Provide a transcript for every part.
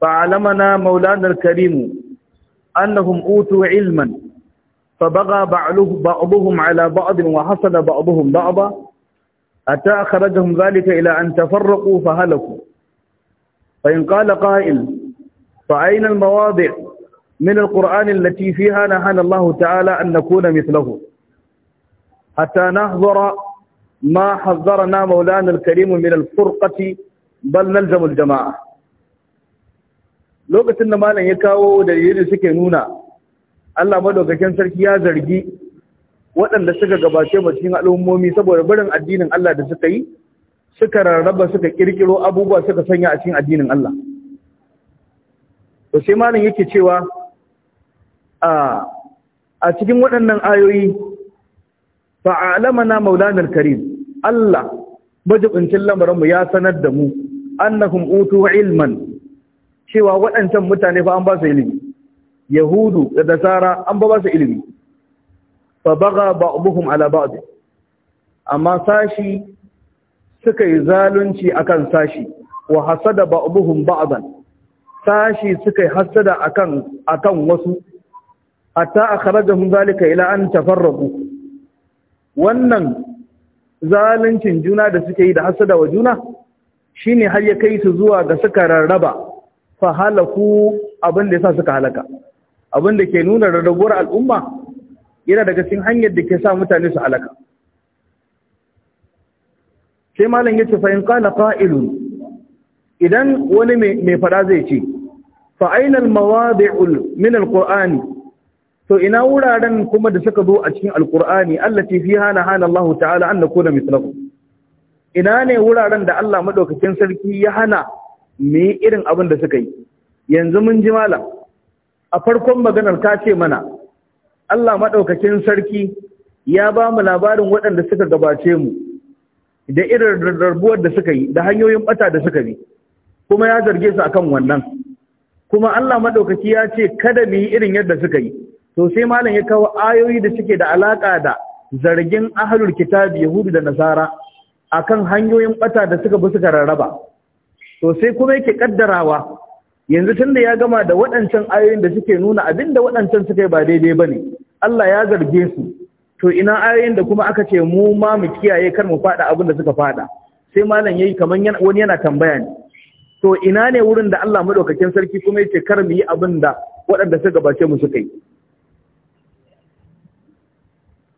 فعلمنا مولانا الكريم أنهم أوتوا علما فبغى بعضهم على بعض وحصل بعضهم بعضا أتى أخرجهم ذلك إلى أن تفرقوا فهلكوا فإن قال قائل فأين المواضع من القرآن التي فيها نهانا الله تعالى أن نكون مثله حتى نحذر ما حذرنا مولانا الكريم من الفرقة بل نلزم الجماعة lokacin da malam ya kawo dalilin suke nuna Allah madaukakin sarki ya zargi waɗanda suka gabace ba cikin al'ummomi saboda barin addinin Allah da suka yi suka rarraba suka kirkiro abubuwa suka sanya a cikin addinin Allah to sai malam yake cewa a a cikin waɗannan ayoyi na maulana karim Allah majibincin lamarinmu ya sanar da mu annahum utu ilman cewa waɗancan mutane fa an ba su ilimi yahudu da nasara an ba su ilimi fa baga ba'dhum ala ba'd amma sashi suka yi zalunci akan sashi wa hasada ba'dhum ba'dan sashi suka yi hasada akan akan wasu hatta akhrajahum zalika ila an tafarraqu wannan zaluncin juna da suke yi da hasada wa juna shine har ya kai su zuwa ga suka rarraba fa halaku abin da yasa suka halaka abin da ke nuna rarrabuwar al'umma yana daga cikin hanyar da ke sa mutane su halaka sai malam yace fa in qala qa'ilun idan wani mai fada zai ce fa aina al-mawadi'ul min al quran to ina wuraren kuma da suka zo a cikin al-qur'ani allati fiha nahana Allah ta'ala an nakuna mithlahu ina ne wuraren da Allah madaukakin sarki ya hana me irin abin da suka yi yanzu mun ji malam a farkon maganar ka ce mana Allah maɗaukakin sarki ya ba mu labarin waɗanda suka gabace mu da irin rarrabuwar da suka yi da hanyoyin ɓata da suka bi kuma ya zarge su akan wannan kuma Allah maɗaukaki ya ce kada mu yi irin yadda suka yi to sai malam ya kawo ayoyi da suke da alaƙa da zargin ahlul kitabi yahudu da nasara akan hanyoyin ɓata da suka bi suka rarraba to sai kuma yake kaddarawa yanzu tun ya gama da waɗancan ayoyin da suke nuna abin da waɗancan suka yi ba daidai ba ne Allah ya zarge su to ina ayoyin da kuma aka ce mu ma mu kiyaye kar mu faɗa abin da suka faɗa sai malam yayi kamar wani yana tambaya ne to ina ne wurin da Allah madaukakin sarki kuma yace kar mu yi abin da waɗanda suka gabace mu suka yi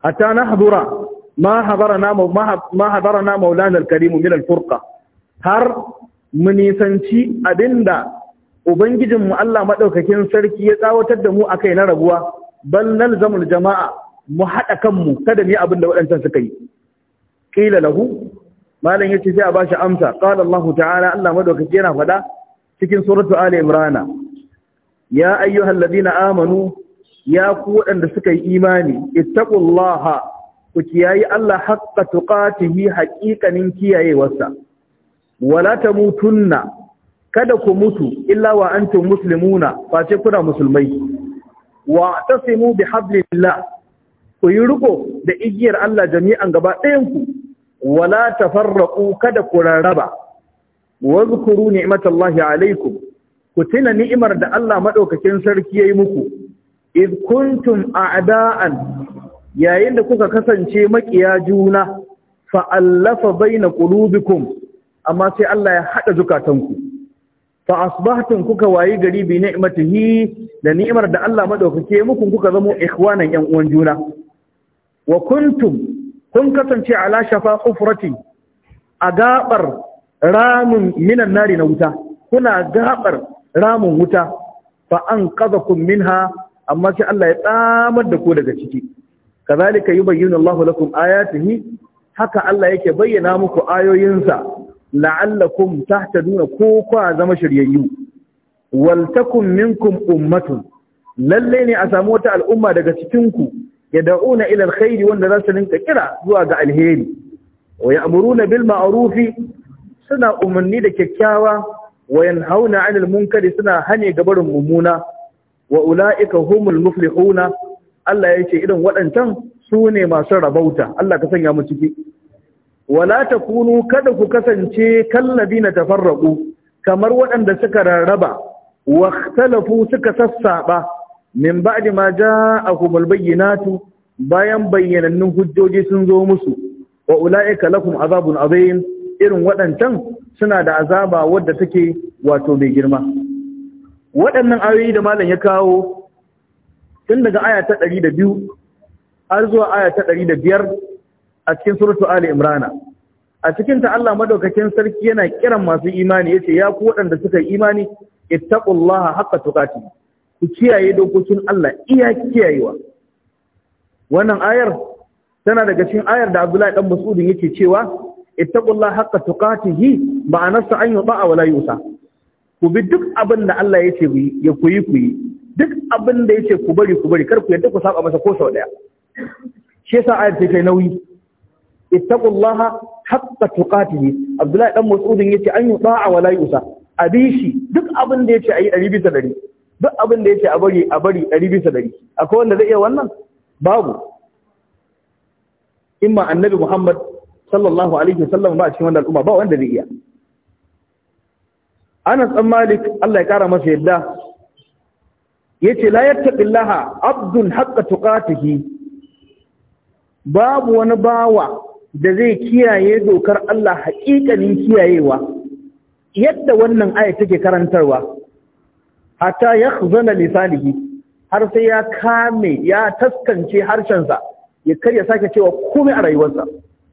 hatta Hadura, ma na ma hadarana maulana al-karim min al-furqa har mu nisanci abinda ubangijinmu Allah maɗaukakin sarki ya tsawatar da mu a kai na rabuwa bal nalzamul jama'a mu haɗa kanmu kada mu yi abin da waɗancan suka yi Ƙila lahu malam ya ce sai a shi amsa qala Allah ta'ala Allah maɗaukaki yana faɗa cikin suratu ali imran ya ayyuhalladhina amanu ya ku waɗanda suka yi imani ittaqullaha ku kiyayi Allah haqqa tuqatihi haqiqanin kiyayewarsa wala mutunna, kada ku mutu illa wa antum muslimuna face kuna musulmai wa tasimu bi hablillah ku yi riko da igiyar Allah jami'an gaba ɗayan ku wala tafarraqu kada ku rarraba wa zkuru ni'matallahi alaikum ku tuna ni'imar da Allah madaukakin sarki yayi muku id kuntum a'da'an yayin da kuka kasance makiya juna fa allafa baina qulubikum amma sai Allah ya haɗa zukatanku fa asbahtum kuka wayi gari bi ni'matihi da ni'imar da Allah madaukake muku kuka zamo ikhwanan yan uwan juna wa kuntum kun kasance ala shafa ufrati a gabar ramin minan nari na wuta kuna gabar ramin wuta fa kun minha amma sai Allah ya tsamar da ku daga ciki kazalika yubayyinu Allahu lakum ayatihi haka Allah yake bayyana muku ayoyinsa la'allakum tahtaduna ko kwa zama shiryayyu wal takum minkum ummatun lalle ne a samu wata al'umma daga cikin ku yad'una ila khairi wanda za su rinka kira zuwa ga alheri wa ya'muruna bil ma'rufi suna umarni da kyakkyawa wa yanhauna 'anil munkari suna hane gabarin mummuna wa ula'ika humul muflihuna Allah ya ce irin waɗancan su ne masu rabauta Allah ka sanya mu ciki wala kunu kada ku kasance na tafarraqu kamar waɗanda suka rarraba wa ikhtalafu suka sassaba min ba'di ma ja'akumul bayyinatu bayan bayyanannun hujjoji sun zo musu wa ula'ika lakum azabun azim irin waɗancan suna da azaba wadda take wato mai girma waɗannan ayoyi da malam ya kawo tun daga aya ta ɗari da biyu har zuwa aya ta ɗari da biyar a cikin suratu ali imrana a cikin ta Allah madaukakin sarki yana kiran masu imani yace ya ku waɗanda suka yi imani ittaqullaha haqqa tuqati ku kiyaye dokokin Allah iya kiyayewa wannan ayar tana daga cikin ayar da Abdullahi dan masudin yake cewa ittaqullaha haqqa tuqatihi sa an yuta'a wala yusa ku bi duk abin da Allah yace yi ya ku yi ku yi duk abin da yace ku bari ku bari kar ku yadda ku saba masa ko sau daya shi yasa ayar ta nauyi ittaqullaha haqqa tuqatihi abdullahi dan mas'udin yace an yuta'a wa la yusa abishi duk abin da yace ayi 100 bisa 100 duk abin da yace a bari a bari 100 bisa 100 akwai wanda zai iya wannan babu imma annabi muhammad sallallahu alaihi wasallam ba a cikin wannan al'umma ba wanda zai iya Anas dan Malik Allah ya kara masa yadda yace la yattaqillaha abdun haqqa tuqatihi babu wani bawa da zai kiyaye dokar Allah haƙiƙanin kiyayewa yadda wannan aya take karantarwa hatta yakhzana lisanihi har sai ya kame ya taskance harshensa ya karya sake cewa komai a rayuwarsa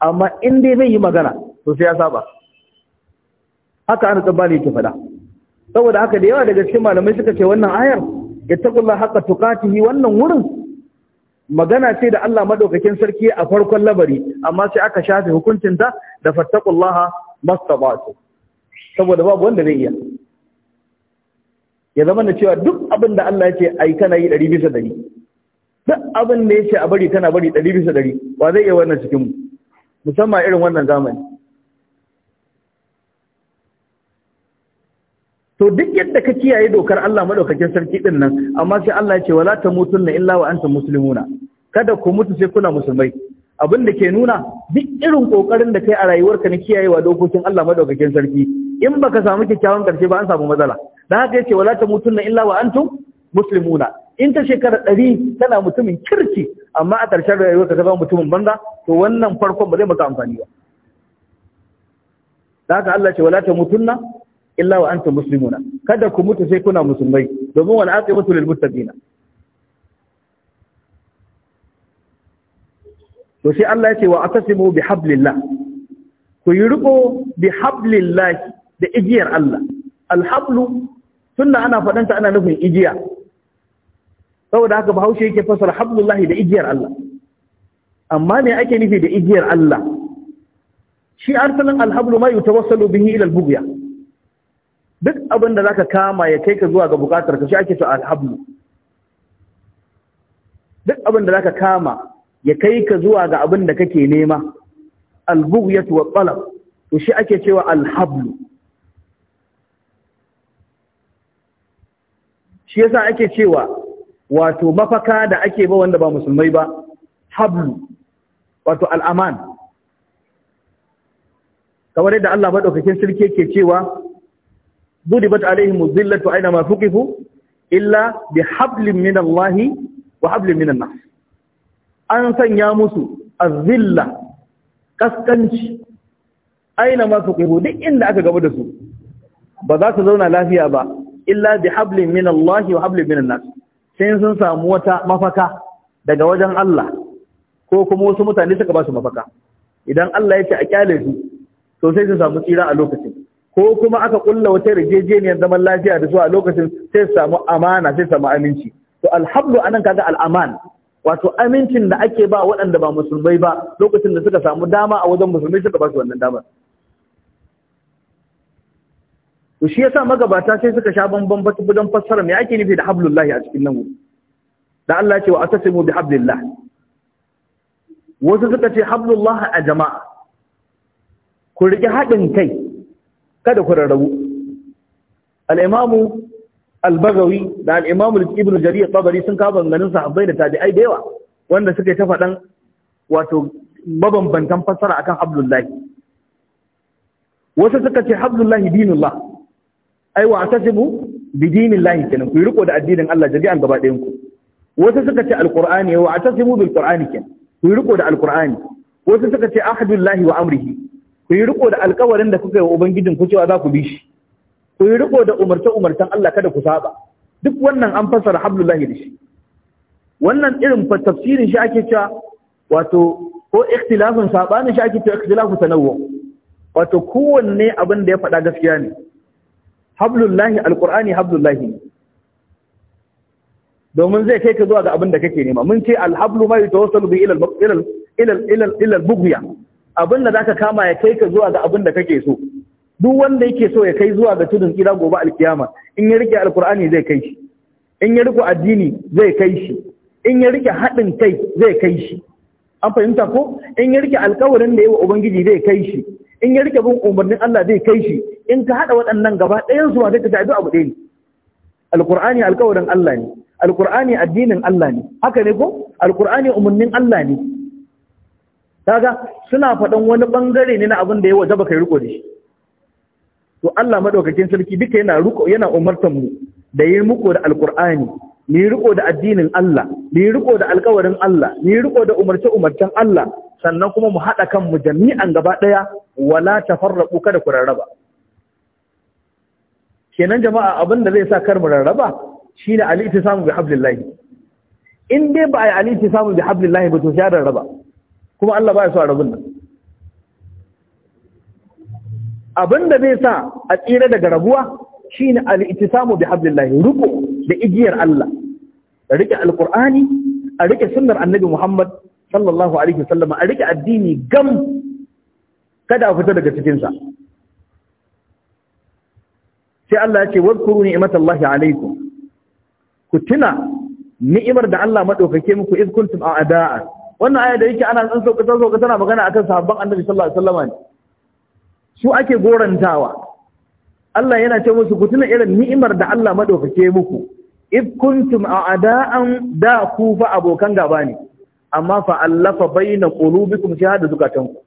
amma in dai zai yi magana to sai ya saba haka an tsabali ta fada saboda haka da yawa daga cikin malamai suka ce wannan ayar yattaqullaha haqqa tuqatihi wannan wurin magana ce da Allah madaukakin sarki a farkon labari amma sai aka shafe hukuncinta da fattaqullaha mastabatu saboda babu wanda zai iya ya zama da cewa duk abin da Allah ya ce ai kana yi 100 bisa 100 duk abin da ya ce a bari kana bari 100 bisa 100 ba zai iya wannan cikin mu musamman irin wannan zamani to duk yadda ka kiyaye dokar Allah madaukakin sarki din nan amma sai Allah ya ce wala tamutunna illa wa anta muslimuna kada ku mutu sai kuna musulmai abin da ke nuna duk irin kokarin da kai a rayuwarka na kiyayewa dokokin Allah madaukakin sarki in baka samu kyakkyawan karshe ba an samu matsala dan haka yace wala tamutunna illa wa antum muslimuna in ta shekara ɗari tana mutumin kirki amma a ƙarshen rayuwarka ta ba mutumin banza to wannan farkon ba zai maka amfani ba da haka Allah ce wala tamutunna illa wa antum muslimuna kada ku mutu sai kuna musulmai domin wal aqibatu lil muttaqina to sai Allah ya ce wa atasimu bi hablillah ku yi riko bi hablillah da igiyar Allah alhablu sunna ana fadanta ana nufin igiya saboda haka bahaushe yake fasara hablullahi da igiyar Allah amma me ake nufi da igiyar Allah shi arsalin alhablu ma yutawassalu bihi ila albugya duk abin da ka kama ya kai ka zuwa ga bukatar ka shi ake to alhablu duk abin da ka kama ya kai ka zuwa ga abin da kake nema albughyatu wa talab to shi ake cewa alhablu shi yasa ake cewa wato mafaka da ake ba wanda ba musulmai ba hablu wato al'aman kamar yadda Allah madaukakin sarki yake cewa ضربت عليهم الذلة أينما ثقفوا إلا بحبل من الله وحبل من الناس أن سنيا مسو الذلة kaskanci aina ma su kihu duk inda aka gaba da su ba za su zauna lafiya ba illa wa sai sun samu wata mafaka daga wajen Allah ko kuma wasu mutane suka ba su mafaka idan Allah ya ce a kyale su to sai su samu tsira a lokacin ko kuma aka kulla wata yarjejeniyar zaman lafiya da su a lokacin sai su samu amana sai su samu aminci to alhablu anan kaga al'aman wato amincin da ake ba waɗanda ba musulmai ba lokacin da suka samu dama a wajen musulmai suka ba su wannan damar to shi yasa magabata sai suka sha bamban don fassara me ake nufi da hablullahi a cikin nan wuri da Allah ya ce wa atasimu bi hablillah wasu suka ce hablullah a jama'a ku rike haɗin kai kada ku rarrabu al-imamu al baghawi da al-imamu ibn jarir tabari sun kawo banganin sahabbai da tabi'ai da yawa wanda suka ta faɗan wato mabambantan fassara akan abdullahi wasu suka ce abdullahi dinullah ai wa atasibu bi dinillahi kenan ku riko da addinin Allah jami'an gaba ɗayan ku wasu suka ce alqur'ani wa atasibu bil qur'ani kenan ku riko da alqur'ani wasu suka ce ahadullahi wa amrihi ku yi riko da alkawarin da kuka yi wa ubangijin ku cewa za ku bi shi ku yi riko da umarce umarcen Allah kada ku saba duk wannan an fassara, hablullahi da shi wannan irin tafsirin shi ake cewa wato ko ikhtilafin sabanin shi ake cewa ikhtilafu tanawwu wato kowanne abin da ya faɗa gaskiya ne hablullahi alqur'ani hablullahi domin zai kai ka zuwa ga abin da kake nema mun ce alhablu ma yatawassalu bi ila ila ila ila bughya abin da zaka kama ya kai ka zuwa ga abin da kake so duk wanda yake so ya kai zuwa ga tudun kira gobe alkiyama in ya rike alkur'ani zai kai shi in ya rike addini zai kai shi in ya rike haɗin kai zai kai shi an fahimta ko in ya rike alkawarin da ya wa ubangiji zai kai shi in ya rike bin umarnin Allah zai kai shi in ka haɗa waɗannan gaba ɗayan su zai ka tafi abu ɗaya ne alkur'ani alkawarin Allah ne alkur'ani addinin Allah ne haka ne ko alkur'ani umarnin Allah ne kaga suna faɗan wani ɓangare ne na abin da ya wajaba kai riko da shi to Allah madaukakin sarki duka yana riko yana umartan mu da yi muku da alqur'ani ni riko da addinin Allah ni riko da alƙawarin Allah ni riko da umarce umarcen Allah sannan kuma mu haɗa kanmu jami'an gaba ɗaya wala tafarraqu kada ku rarraba kenan jama'a abin da zai sa kar mu rarraba shine al-ittisamu bi hablillahi in dai ba ai al-ittisamu bi hablillahi ba to sai rarraba kuma Allah ba ya so a rabin nan Abinda da zai sa a tsira daga rabuwa shine al-ittisamu bi hablillahi ruku da igiyar Allah a rike alqur'ani a rike sunnar annabi Muhammad sallallahu alaihi wasallam a rike addini gam kada fita daga cikin sa sai Allah ya ce wadkuru ni'matallahi alaikum ku tuna ni'imar da Allah madaukake muku iz kuntum a'da'a wannan aya da yake ana san sauƙa-sauƙa tana magana akan sahabban annabi sallallahu alaihi wasallam su ake gorantawa Allah yana ce musu ku tuna irin ni'imar da Allah madaukake muku if kuntum a'da'an da ku fa abokan gaba ne amma fa allafa baina qulubikum shahada zukatanku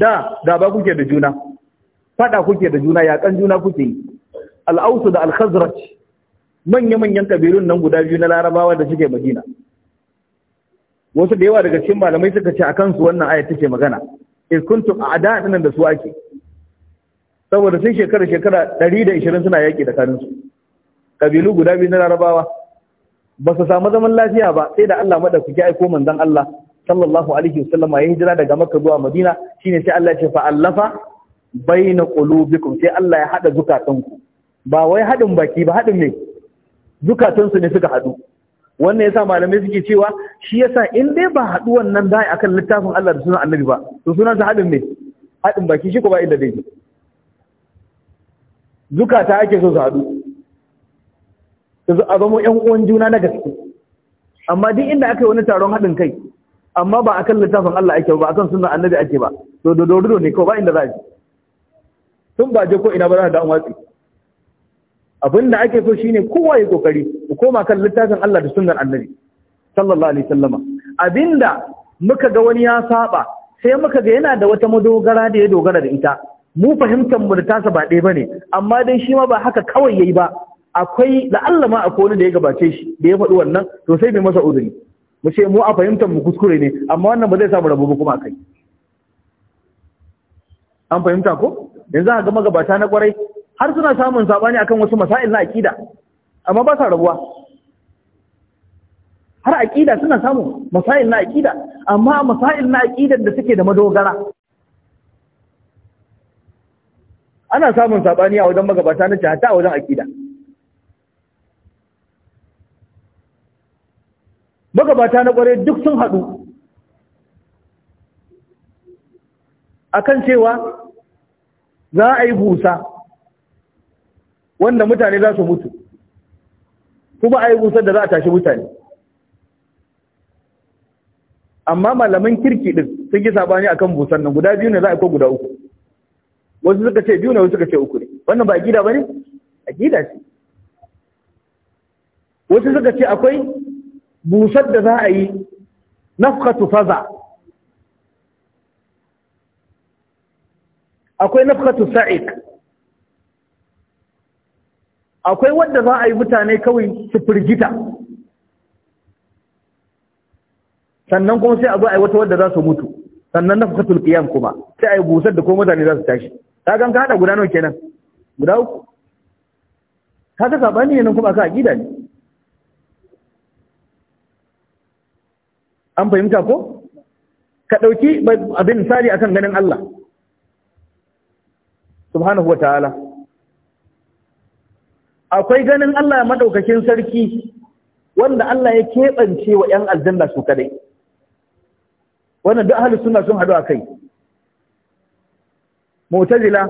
da gaba kuke da juna fada kuke da juna yakan juna kuke yi al-aus da al-khazraj manya manyan kabilun nan guda biyu na larabawa da suke madina wasu da yawa daga cikin malamai suka ce akan su wannan aya take magana in kuntum a'da da su ake saboda sun shekara shekara 120 suna yaki da kanin su kabilu guda biyu na larabawa ba su samu zaman lafiya ba sai da Allah madaukaki aiko manzon Allah sallallahu alaihi wasallam ya hijira daga Makka zuwa Madina shine sai Allah ya ce fa allafa baina qulubikum sai Allah ya hada zukatanku ba wai hadin baki ba hadin ne zukatansu ne suka hadu wannan yasa malamai suke cewa shi yasa in dai ba haɗu wannan dai akan littafin Allah da sunan Annabi ba to sunan sa haɗin ne haɗin baki shi ko ba inda dai zukata ake so su haɗu su a zama ƴan uwan juna na gaske amma duk inda aka yi wani taron haɗin kai amma ba akan littafin Allah ake ba akan sunan Annabi ake ba to dodo ne ko ba inda za a ji tun ba je ko ina ba za a da an watsi abin da ake so shine kowa ya kokari ku koma kan littafin Allah da sunnar annabi sallallahu alaihi wasallama abinda muka ga wani ya saba sai muka ga yana da wata madogara da ya dogara da ita mu fahimtar mu da tasa ba ɗaya bane amma dai shi ma ba haka kawai yayi ba akwai da Allah ma akwai wani da ya gabace shi da ya faɗi wannan to sai mai masa uzuri mu ce mu a fahimtar mu kuskure ne amma wannan ba zai samu rabo ba kuma akai an fahimta ko yanzu a ga magabata na kwarai har suna samun sabani akan wasu masail na aqida amma ba sa rabuwa har aqida suna samun masail na aqida amma masail na aqidan da suke da madogara ana samun sabani a wajen magabata na jihata a wajen aqida magabata na kware duk sun hadu akan cewa za a yi busa wanda mutane za su mutu kuma a yi busar da za a tashi mutane amma malaman kirki din sun yi sabani akan busar nan guda biyu ne za a ko guda uku wasu suka ce biyu ne wasu suka ce uku ne wannan ba a gida ba ne? A gida ce wasu suka ce akwai busar da za a yi nafkatu faza akwai nafkatu sa'ik. akwai wadda za a yi mutane kawai su firgita sannan kuma sai a zo a yi wata wadda za su mutu sannan na fasatul qiyam kuma sai a yi busar da kuma mutane za su tashi ta gan ka haɗa guda nawa kenan guda uku kaga saba ne nan kuma ka aƙida ne an fahimta ko ka dauki abin sari akan ganin Allah subhanahu ta'ala akwai ganin Allah maɗaukakin sarki wanda Allah ya keɓance wa ‘yan aljanna su kadai wannan duk ahalus suna sun haɗu a kai mutazila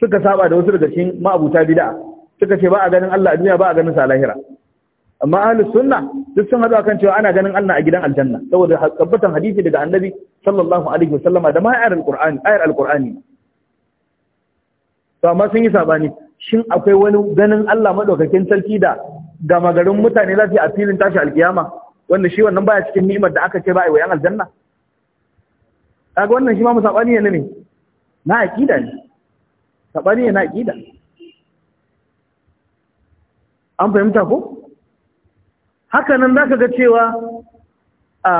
suka saba da wasu daga cikin ma'abuta bid'a suka ce ba a ganin Allah a duniya ba a ganin sa lahira amma ahlus sunna duk sun hadu akan cewa ana ganin Allah a gidan aljanna saboda tabbatan hadisi daga annabi sallallahu alaihi wasallama da ma ayar alqur'ani ayar alqur'ani to amma sun yi sabani shin akwai wani ganin Allah madaukakin sarki da gama garin mutane za yi a filin tashi alkiyama wanda shi wannan baya cikin ni'imar da aka ce ba a yi yan aljanna kaga wannan shi ma musabani ne ne na aqida ne sabani ne na aqida an fahimta ko haka nan zaka ga cewa a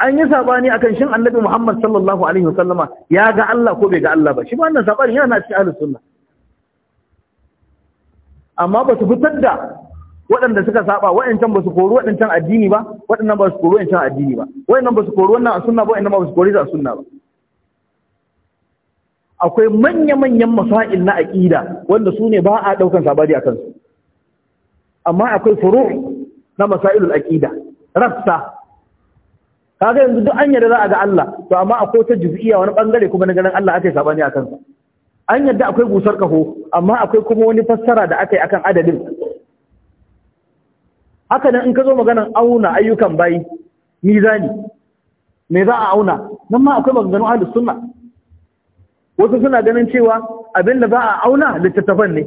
an yi sabani akan shin annabi Muhammad sallallahu alaihi wasallama ya ga Allah ko bai ga Allah ba shi ma wannan sabani yana cikin ahlus sunna amma ba su fitar da waɗanda suka saba waɗancan ba su kori waɗancan addini ba waɗannan ba su kori waɗancan addini ba waɗannan ba su kori wannan a sunna ba waɗannan ba su kori a sunna ba akwai manya-manyan masail na aqida wanda su ne ba a ɗaukan sabari a kansu amma akwai furu na masailul aqida rafsa kaga yanzu duk an yarda za a ga Allah to amma akwai ta juz'iyya wani bangare kuma na ganin Allah aka yi sabani a kansa an yadda akwai gusar kaho amma akwai kuma wani fassara da aka yi akan adadin haka nan in ka zo maganan auna ayyukan bayi mizani me za a auna nan ma akwai maganganu ahli sunna wasu suna ganin cewa abin da za a auna littattafan ne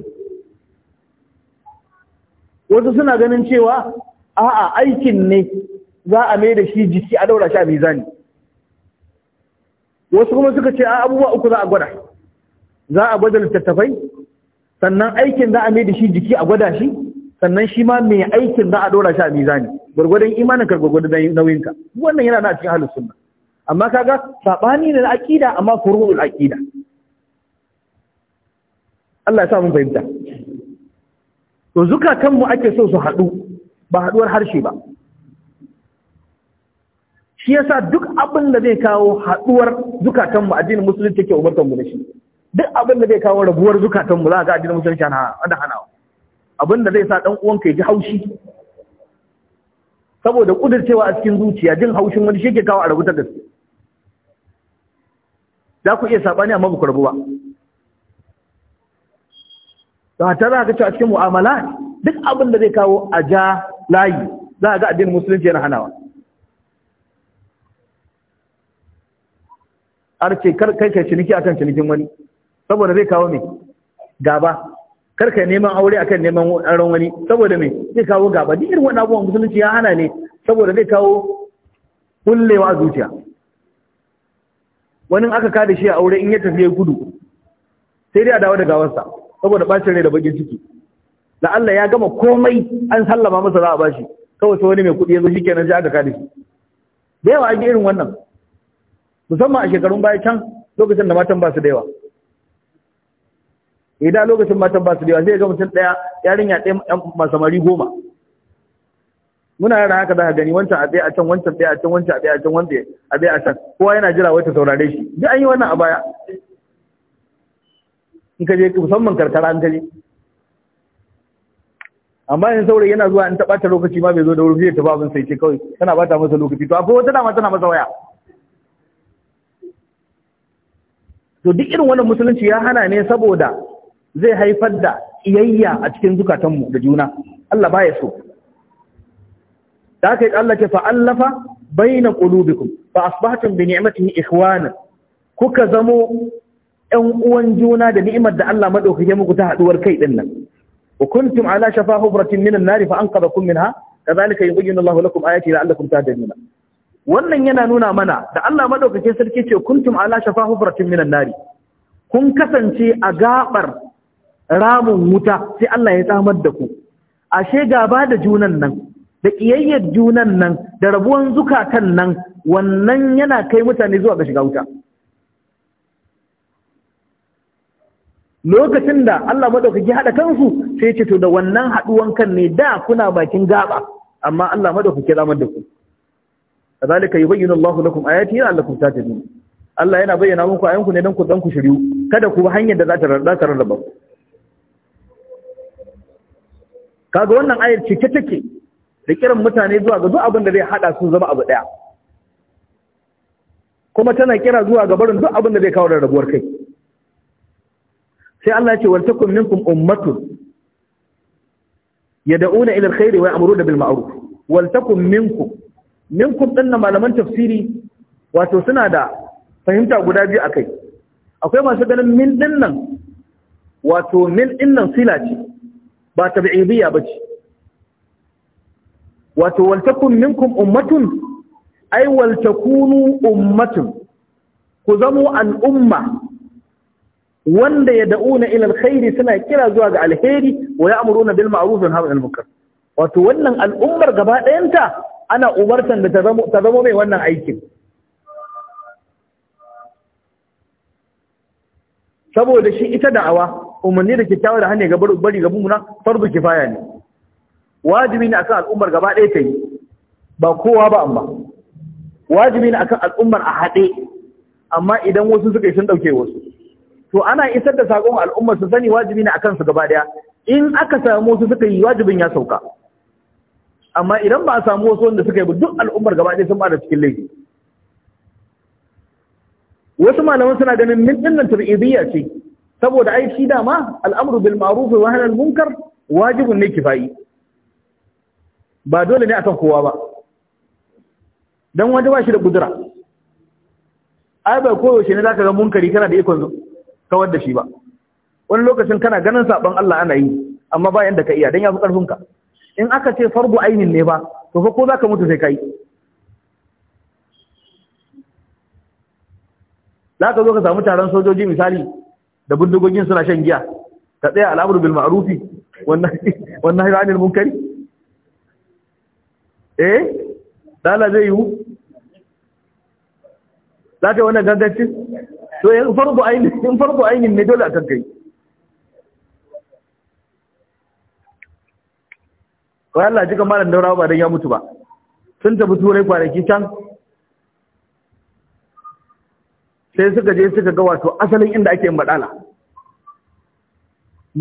wasu suna ganin cewa a'a aikin ne za a mai da shi jiki a daura shi a mizani wasu kuma suka ce a abubuwa uku za a gwada za a gwada littattafai sannan aikin za a mai da shi jiki a gwada shi sannan shi ma mai aikin za a dora shi a mizani gwargwadon imanin ka gwargwadon nauyinka wannan yana na cikin halin sunna amma kaga sabani ne na aqida amma furu'ul aqida Allah ya sa mun fahimta to zukatan mu ake so su haɗu, ba haɗuwar harshe ba shi yasa duk abin da zai kawo haɗuwar zukatan mu addinin musulunci take umartar mu da shi duk abin da zai kawo rabuwar zukatanmu za a ga addinin musulunci ana hanawa abin da zai sa ɗan uwanka ya ji haushi saboda ƙudircewa a cikin zuciya jin haushin wani shi ke kawo a rabu ta gaske za ku iya saɓani amma ba ku rabu ba da ta za ka a cikin mu'amala duk abin da zai kawo a ja layi za a ga addinin musulunci na hanawa arce kai kai ciniki akan cinikin wani saboda zai kawo mai gaba karka neman aure akan neman aron wani saboda mai zai kawo gaba duk irin wannan abubuwan musulunci ya hana ne saboda zai kawo kullewa a zuciya wani aka ka da shi a aure in ya tafiye gudu sai dai a dawo da gawarsa saboda bacin rai da bakin ciki da Allah ya gama komai an sallama masa za a bashi kawai sai wani mai kuɗi ya zo shikenan sai aka ka da shi da yawa ake irin wannan musamman a shekarun baya can lokacin da matan ba su da yawa idan eh, lokacin matan ba su da yawa zai ga mutum ɗaya yarinya ɗaya masamari goma muna yara haka za ka gani wancan a tsaye a can wancan tsaye a can wancan a tsaye a can wancan a tsaye a can kowa yana jira wata saurare shi duk an yi wannan a baya in ka je musamman karkara an ka amma in saurayi yana zuwa in ta ɓata lokaci ma bai zo da wuri zai tafi abin sai ce kawai tana ɓata masa lokaci to akwai wata dama tana masa waya to duk irin wannan musulunci ya hana ne saboda zai haifar da iyayya a cikin zukatanmu da juna Allah ba ya so da aka yi Allah ke fa'allafa bai na ƙulubikum ba asbahatin da ni'amatin ikhwana kuka zamo ‘yan uwan juna da ni'imar da Allah maɗaukake muku ta haɗuwar kai ɗin nan wa kuntum ala shafa hubratin minan nari fa an kaba kun min ha ka zalika yi bayyana Allah lakum ayati la'allakum tahtaduna wannan yana nuna mana da Allah maɗaukake sarki ce kuntum ala shafa hubratin minan nari kun kasance a gaɓar. ramin wuta sai Allah ya samar da ku ashe gaba da junan nan da ƙiyayyar junan nan da rabuwan zukatan nan wannan yana kai mutane zuwa ga shiga wuta lokacin da Allah madaukaki haɗa kansu sai ce to da wannan haɗuwan kan ne da kuna bakin gaba amma Allah madaukaki zamar da ku kazalika yubayyinu Allahu lakum ayatihi la'allakum tahtadun Allah yana bayyana muku ayanku ne dan ku dan ku shiryu kada ku hanyar da za ta rarraba kaga wannan ayar cike take da kiran mutane zuwa ga duk abin da zai hada su zama abu daya kuma tana kira zuwa ga barin duk abin da zai kawo da rabuwar kai sai Allah ya ce waltakum minkum ummatun yad'una ila alkhair wa ya'muruna bil ma'ruf waltakum minkum minkum dinna malaman tafsiri wato suna da fahimta guda biyu akai akwai masu ganin min dinnan wato min dinnan sila ce ba ba bace wato waltakun minkum ummatun ai waltakunu ummatun ku zamo al'umma wanda ya da'una ila alkhairi suna kira zuwa ga alheri wa ya'muruna bil ma'ruf wa yanhauna 'anil munkar wato wannan al'ummar gaba ɗayanta ana umartan da ta zamo mai wannan aikin saboda shi ita da'awa umarni da kyakkyawa da hanyar gabar bari ga mummuna fardu kifaya ne wajibi ne akan al'ummar gaba ɗaya ta yi ba kowa ba amma wajibi ne akan al'ummar a haɗe amma idan wasu suka yi sun ɗauke wasu to ana isar da sakon al'ummar su sani wajibi ne akan su gaba ɗaya in aka samu wasu suka yi wajibin ya sauka amma idan ba a samu wasu wanda suka yi ba duk al'ummar gaba ɗaya sun ba da cikin laifi wasu malaman suna ganin min ɗinnan tar'idiyya ce saboda ai shi dama al'amru bil ma'ruf wa nahy munkar wajibun ne kifayi ba dole ne akan kowa ba dan wanda ba shi da kudura ai ba koyaushe ne zaka ga munkari kana da ikon kawar da shi ba wani lokacin kana ganin saban Allah ana yi amma ba yanda ka iya dan yafi karfin ka in aka ce farbu ainin ne ba to fa ko zaka mutu sai kai ka zo ka samu taron sojoji misali da bindigogin suna shan giya ka tsaya al'amuru bil ma'rufi wannan wannan hayyanil munkari eh dala zai yi za ta wannan gangancin to in farko ainihin in ne dole a kan kai kawai Allah ji kamarar daura ba don ya mutu ba sun tafi turai kwanaki can sai suka je suka ga wato asalin inda ake yin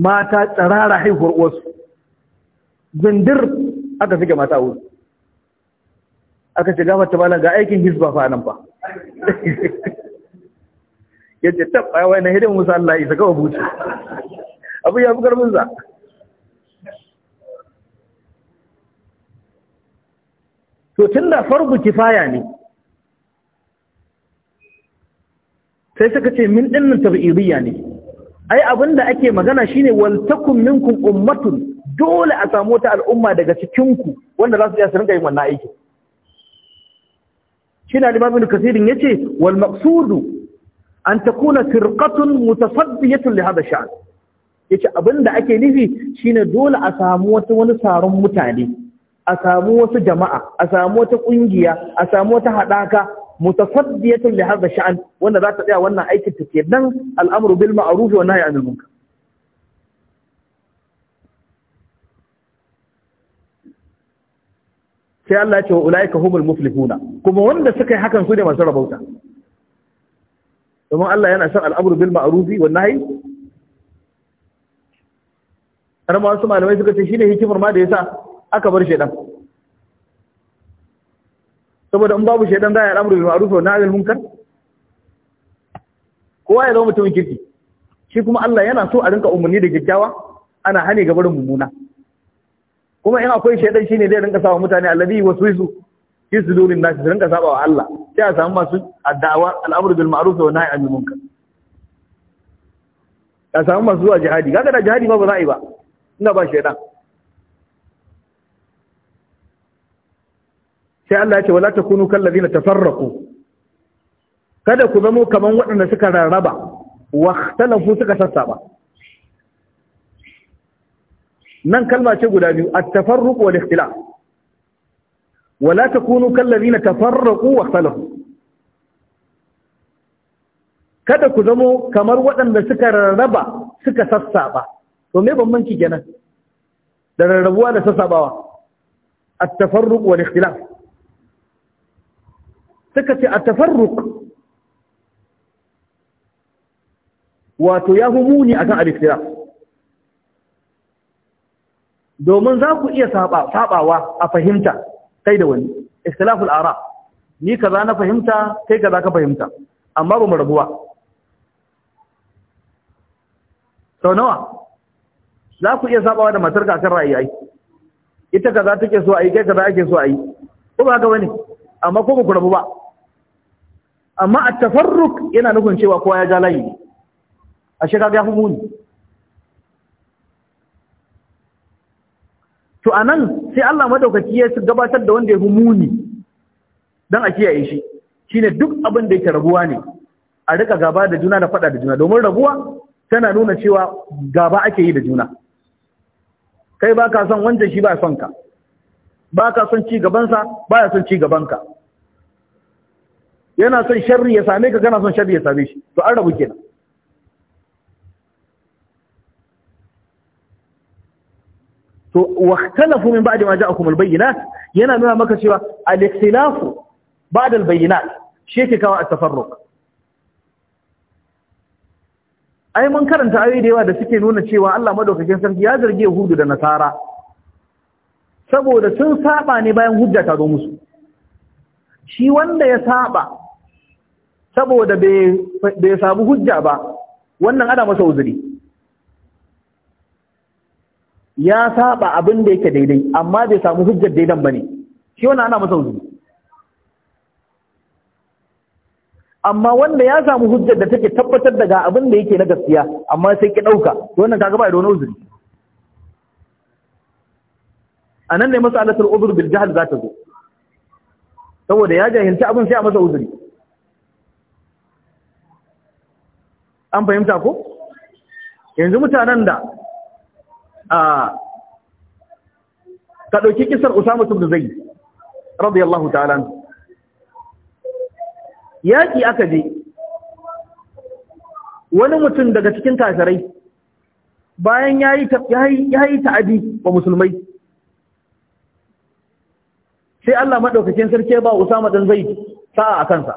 mata tsarara haihuwar wasu. zindir aka suke mata a wuri aka shiga mata bala ga aikin hisba fa nan fa yace tabba ya wani hidin musa Allah isa kawo buci abu ya fi karfin sa to da farbu kifaya ne sai suka ce min dinnan tab'idiyya ne ai abin da ake magana shine wal takum minkum ummatun dole a samu wata al'umma daga cikin ku wanda za su iya su rinka yin wannan aiki shine al-imam ibn kasirin yace wal maqsudu an takuna firqatun mutasaddiyatun li hadha sha'an yace da ake nufi shine dole a samu wata wani saron mutane a samu wasu jama'a a samu wata kungiya a samu wata hadaka mutasaddiyatun li hadha sha'an wanda za ta tsaya wannan aikin ta kenan al'amru bil ma'ruf wa nahyi anil munkar sai Allah ya ce wa ulaika humul muflihuna kuma wanda suka yi hakan su ne masu rabauta domin Allah yana son al'amru bil ma'ruf wa nahyi har ma wasu malamai suka ce shine hikimar ma da yasa aka bar shi dan? saboda in babu shaidan za a yi al'amuru bil ma’arufa na nahy munkar kowa ya zama mutumin kirki shi kuma Allah yana so a rinka umarni da kyakkyawa ana hane ga barin mummuna kuma in akwai shaidan shi ne zai rinka sawa mutane su, alladhi su fi na su rinka sabawa Allah sai a samu masu addawa al’amuru bil ma’arufa na nahy munkar a samu masu zuwa jihadi kaga da jihadi ba ba za a yi ba ina ba shaidan sai Allah ya ce wala takunu kallazina tafarraqu kada ku zamo kaman waɗanda suka rarraba wa ikhtalafu suka sassaba nan kalma ce guda biyu at-tafarruq wal ikhtilaf wala takunu kallazina tafarraqu wa ikhtalafu kada ku zamo kamar waɗanda suka rarraba suka sassaba to me bambanci kenan da rarrabuwa da sassabawa at-tafarruq wal ikhtilaf suka ce a tafarruk wato ya fi muni a kan alistira domin za ku iya saɓawa a fahimta kai da wani istilaful ara ni za na fahimta kai kaza ka fahimta amma ba mu rabuwa sau nawa za ku iya sabawa da matar kakar ra'ayi ai ita ta ke so a yi kai za ake so a yi ko ba ga wani amma ko ba ku rabu ba amma a tafarruk yana nufin cewa kowa ya ja layi a shekaru ya fi muni to a nan sai Allah madaukaki ya gabatar da wanda ya fi muni don a kiyaye shi Shi ne duk abin da yake rabuwa ne a rika gaba da juna da fada da juna domin rabuwa tana nuna cewa gaba ake yi da juna kai ba ka son wanda shi ba son ka ba ka son ci gabansa ba ya son ci gabanka yana son sharri ya same ka kana son sharri ya same shi to an rabu kenan to khalafu min ba'di ma ja'akum al-bayyinat yana nuna maka cewa al-ikhtilafu ba'da al-bayyinat shi yake kawo at-tafarruq ai mun karanta ayoyi da yawa da suke nuna cewa Allah madaukakin sarki ya zargi Yahudu da Nasara saboda sun saba ne bayan hujja ta zo musu shi wanda ya saba saboda bai sabu hujja ba wannan ana masa uzuri ya saba abin da yake daidai amma bai samu hujjar daidan bane shi wannan ana masa uzuri amma wanda ya samu hujjar da take tabbatar daga abin da yake na gaskiya amma sai ki dauka wannan kaga ba da wani uzuri anan ne masalatul uzur bil jahl za ta zo saboda ya jahilci abin sai a masa uzuri an fahimta ko yanzu mutanen da a ka ɗauki kisar usama tun zai radiyallahu ta'ala yaƙi aka je wani mutum daga cikin kafirai bayan ya yi ta'adi wa musulmai sai Allah maɗaukakin sarki ba usama ɗan zai sa'a a kansa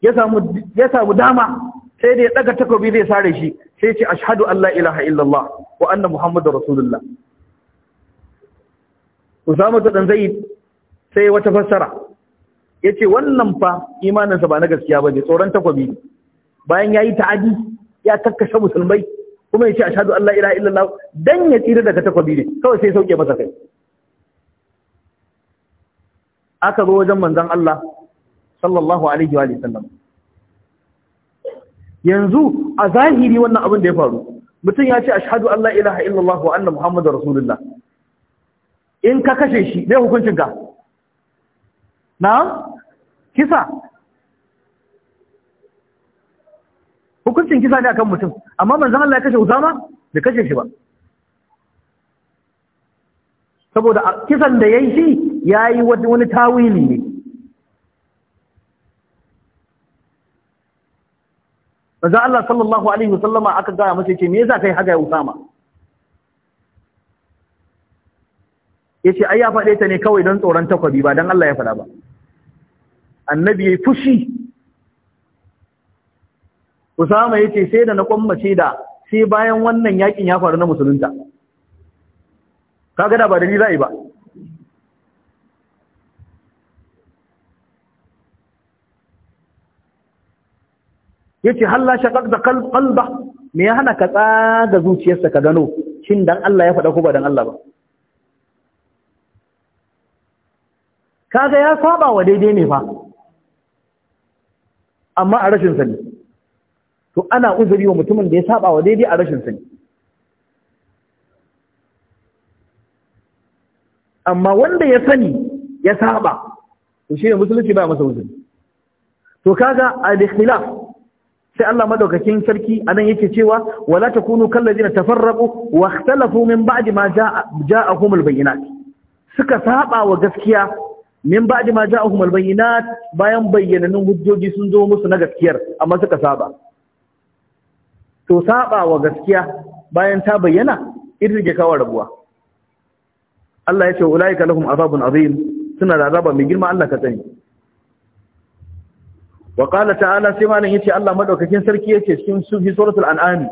ya samu dama sai da ya daga takobi zai sare shi sai ya ce ashhadu an la ilaha illallah wa anna muhammadar rasulullah Usama ta dan zai sai wata fassara yace wannan fa imaninsa ba na gaskiya ne tsoron takobi bayan ya yi ta'adi ya kakkashe musulmai kuma ce ashhadu an la ilaha illallah dan ya tsira daga takobi ne kawai sai sauke masa kai aka zo wajen manzon Allah sallallahu alaihi wa sallam yanzu a zahiri wannan abin da ya faru mutum ya ce shahadu Allah ila ilaha illallah wa annan Muhammadu rasulullah in ka kashe shi zai hukuncin ka na kisa hukuncin kisa ne akan mutum amma manzan Allah ya kashe uzama bai kashe shi ba saboda kisan da ya yi shi yi wani tawili ne manzo Allah sallallahu alaihi wasallama aka gaya masa yace me yasa kai haga ya Usama yace ai ya faɗe ta ne kawai don tsoron takwabi ba don Allah ya faɗa ba annabi yayi fushi Usama ce sai da na kwammace da sai bayan wannan yakin ya faru na musulunta kaga da ba dalili zai ba yake halla shaqaq da qalba me ya hana ka tsaga zuciyarsa ka gano shin dan Allah ya faɗa ko ba dan Allah ba kaga ya saba wa daidai ne fa amma a rashin sani to ana uzuri wa mutumin da ya saba wa daidai a rashin sani amma wanda ya sani ya saba to shi ne musulunci ba masa uzuri to kaga al-ikhtilaf sai Allah madaukakin sarki anan yake cewa wala takunu ladina tafarraqu wa ikhtalafu min ba'di ma ja'ahum bayyinat suka saba wa gaskiya min ba'di ma ja'ahum bayyinat bayan bayyananun hujjoji sun zo musu na gaskiyar amma suka saba to saba wa gaskiya bayan ta bayyana irin ke kawo rabuwa Allah ya ce ulaika lahum azabun azim suna da azaba mai girma Allah ka tsani wa qala ta'ala sai malam yace Allah madaukakin sarki yace cikin sufi suratul an'am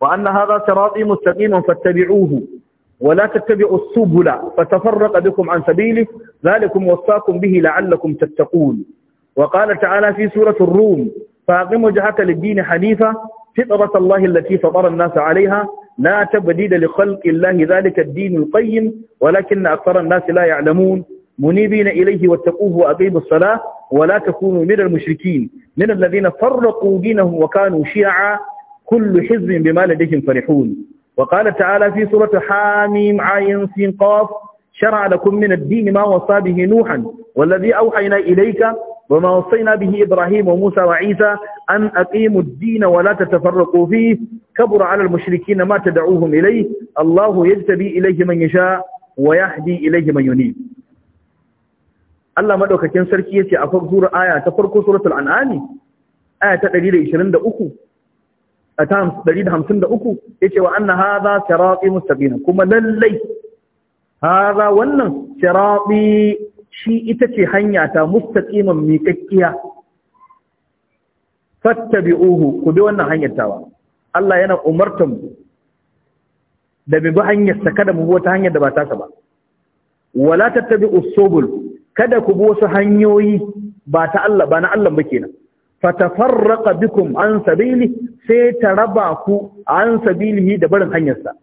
wa anna hadha sirati mustaqiman fattabi'uhu wa la tattabi'u subula fatafarraqa bikum an sabili dhalikum wasaqakum bihi la'allakum tattaqun wa qala ta'ala fi suratul rum faqim wajhaka lid-din hanifa fitrata allahi allati fatara an-nasa 'alayha la tabdila li khalqi allahi dhalika ad-din al-qayyim walakinna akthara an la ya'lamun منيبين إليه واتقوه وأقيموا الصلاة ولا تكونوا من المشركين من الذين فرقوا دينهم وكانوا شيعا كل حزب بما لديهم فرحون وقال تعالى في سورة حاميم عين سين قاف شرع لكم من الدين ما وصى به نوحا والذي أوحينا إليك وما وصينا به إبراهيم وموسى وعيسى أن أقيموا الدين ولا تتفرقوا فيه كبر على المشركين ما تدعوهم إليه الله يجتبي إليه من يشاء ويهدي إليه من ينيب Allah maɗaukakin sarki ya ce a farko aya ta farko suratul an'am aya ta 123 a ta 153 yace wa anna hadha sirati mustaqim kuma lallai hadha wannan sirati shi ita ce hanya ta mustaqiman miƙaƙiya fattabi'uhu ku bi wannan hanyar tawa Allah yana umartan mu da bi hanyar sa kada mu wata hanyar da ba ta ba wala tattabi'us subul kada ku bi wasu hanyoyi ba ta Allah ba na Allah ba kenan fatafarraqa bikum an sabili sai ta raba ku an sabilihi da barin hanyarsa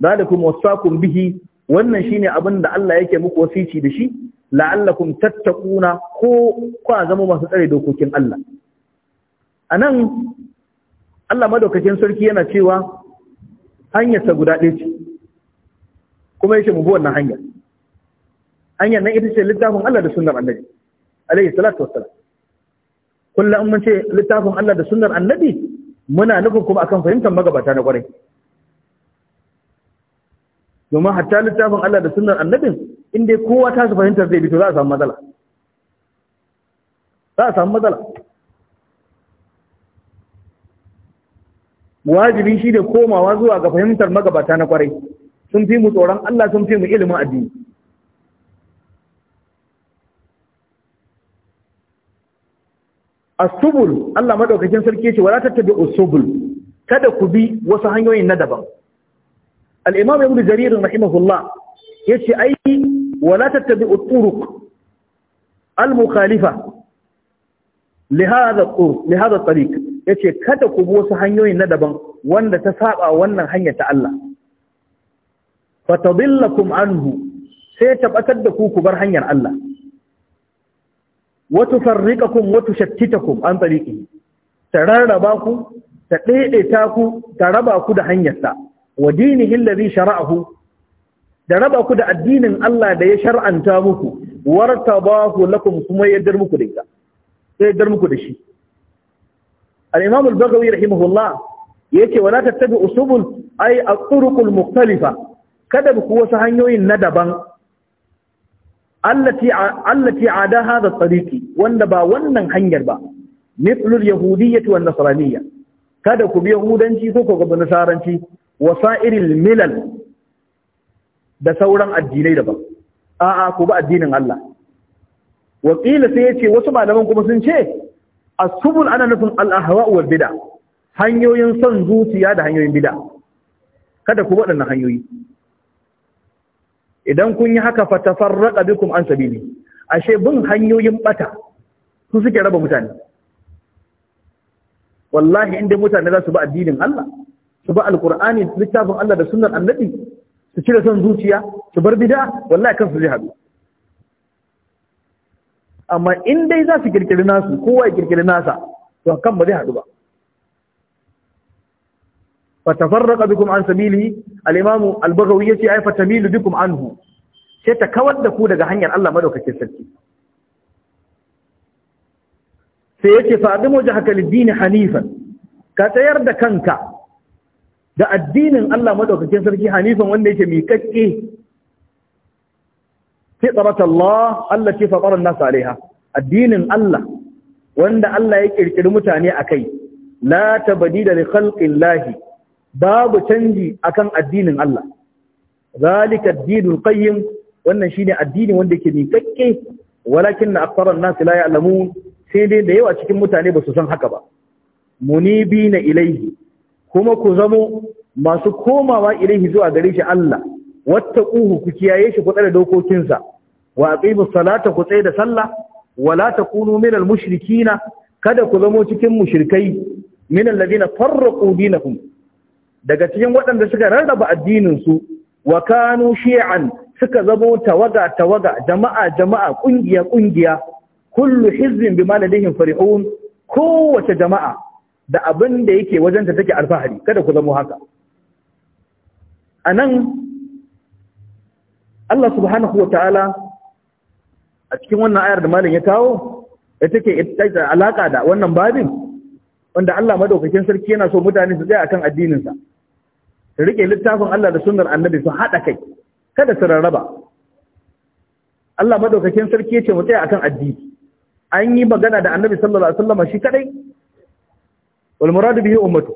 zalikum wasaqum bihi wannan shine abin da Allah yake muku wasici da shi la'allakum tattaquna ko kwa zama masu tsare dokokin Allah anan Allah madaukakin sarki yana cewa hanyarsa guda ɗaya ce kuma yake mu bi wannan hanyar hanyar nan ita ce littafin Allah da sunar annabi alaihi salatu wassalam kullum mun ce littafin Allah da sunar annabi muna nufin kuma akan fahimtar magabata na ƙwarai. domin hatta littafin Allah da sunar annabin inda kowa ta su fahimtar zai bito za a samu matsala za a samu matsala wajibi shi da komawa zuwa ga fahimtar magabata na ƙwarai sun fi mu tsoron Allah sun fi mu ilimin addini asubul Allah madaukakin sarki yace wala tattabi'us subul kada ku bi wasu hanyoyin na daban al-imam ibn jarir rahimahullah yace ai wala tattabi turuq al-mukhalifa li hadha at tariq yace kada ku bi wasu hanyoyin na daban wanda ta saba wannan hanya ta Allah fatadillakum anhu sai ta batar da ku ku bar hanyar Allah wata watu wata kun an tsariƙi ta rarraba ku ta ɗaiɗaita ku ta raba ku da hanyarsa wa dinihin lari shara'ahu da raba ku da addinin Allah da ya shar'anta muku warta ba ku lakum kuma ya dar muku da ita sai dar muku da shi al-imam al-bagawi rahimahullah yake wala tattabi usubul ay a turuqul mukhtalifa kada ku wasu hanyoyin na daban allati ada hadha tariqi wanda ba wannan hanyar ba mithlul yahudiyyati wan nasraniyya kada ku bi yahudanci ko ku bi nasaranci wa sa'iril milal da sauran addinai daban a'a ku bi addinin Allah wa qila sai yace wasu malaman kuma sun ce as-subul ana nufin al-ahwa wal bid'a hanyoyin son zuciya da hanyoyin bid'a kada ku waɗannan hanyoyi idan kun yi haka fa tafarraqa bikum an sabili ashe bin hanyoyin bata su suke raba mutane wallahi inda mutane za su ba addinin Allah su ba alqur'ani littafin Allah da sunnar annabi su cire son zuciya su bar bid'a wallahi kansu zai haɗu amma in dai za su kirkiri nasu kowa ya kirkiri nasa to kan ba zai haɗu ba fatafarraqa bikum an sabilihi al-imam al-baghawi yace ai fatamilu bikum anhu sai ta kawar da ku daga hanyar Allah madaukakin sarki sai yace fa adamu jahaka lid-din hanifan ka tsayar da kanka da addinin Allah madaukakin sarki hanifan wanda yake miƙaƙƙe fitrata Allah Allah ce fatara nas alaiha addinin Allah wanda Allah ya kirkiri mutane akai la tabdila li khalqi Allah babu canji akan addinin Allah zalika addinul qayyim wannan shine addini wanda yake miƙaƙƙe walakin aktharan nas la ya'lamun sai dai da yawa cikin mutane ba su san haka ba munibina ilaihi kuma ku zamo masu komawa ilaihi zuwa gare shi Allah wattaquhu ku kiyaye shi ku tsare dokokinsa wa aqimus salata ku tsaye da sallah wala takunu minal mushrikina kada ku zamo cikin mushrikai minal ladina farraqu dinakum daga cikin waɗanda suka rarraba addininsu wa kanu shi'an suka zamo tawaga tawaga jama'a jama'a kungiya kungiya kullu hizbin bima ladayhim farihun kowace jama'a da abin da yake wajenta take alfahari kada ku zamo haka anan Allah subhanahu wa ta'ala a cikin wannan ayar da malam ya kawo da take alaka da wannan babin wanda Allah madaukakin sarki yana so mutane su tsaya akan addinin sa rike littafin Allah da sunnar annabi su haɗa kai kada su rarraba Allah madaukakin sarki yace mu tsaya akan addini an yi magana da annabi sallallahu alaihi wasallam shi kadai wal muradu bihi ummatu